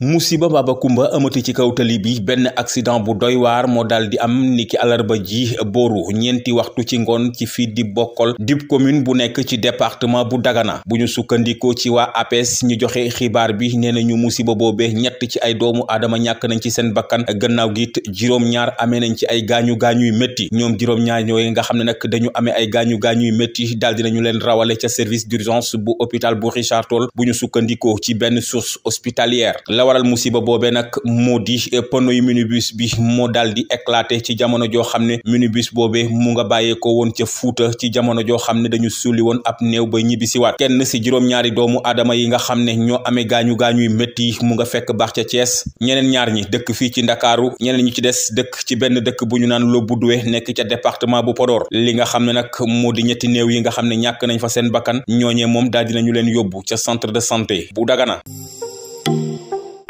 musiba baaba kumba amati ci kaw tali bi benn accident bu doy waar moo daal di am niki alarba ji booru ñeenti waxtu ci ngoon ci fii di bokkal dib commune bu nekk ci département bu Dagana bu ñu sukkandikoo ci waa APS ñu joxe xibaar bi nee na ñu musiba boobee ñett ci ay doomu aadama ñàkk nañ ci seen bakkan gannaaw gi it juróom-ñaar amee nañ ci ay gaañu gaañu yu métti ñoom juróom-ñaar ñooy nga xam ne nag dañu amee ay gaañu gaañu yu métti daal di nañu leen rawale ca service d'urgence bu hôpital bu Richard Toll bu ñu sukkandikoo ci benn source hospitalière waral musiba boobee nag moo di eh, pono yu minibus bi moo daal di éclaté ci jamono joo xam ne minibus boobee mu nga bàyyeekoo woon ca Fuuta ci jamono joo xam ne dañu suuli woon ab néew ba ñibbisiwaat kenn si juróom-ñaari doomu aadama yi nga xam ne ñoo amee gaañu gaañuy yi mu nga fekk baax ca cees ñeneen ñaar ñi dëkk fii ci Ndakaaru ñeneen ñu ci des dëkk ci benn dëkk bu ñu naan Loboudois nekk ca département bu Podor li nga xam ne nag moo di ñetti néew yi nga xam ne ñàkk nañ fa seen bakkan ñooñee moom daal dinañu leen yóbbu ca centre de santé bu Dagana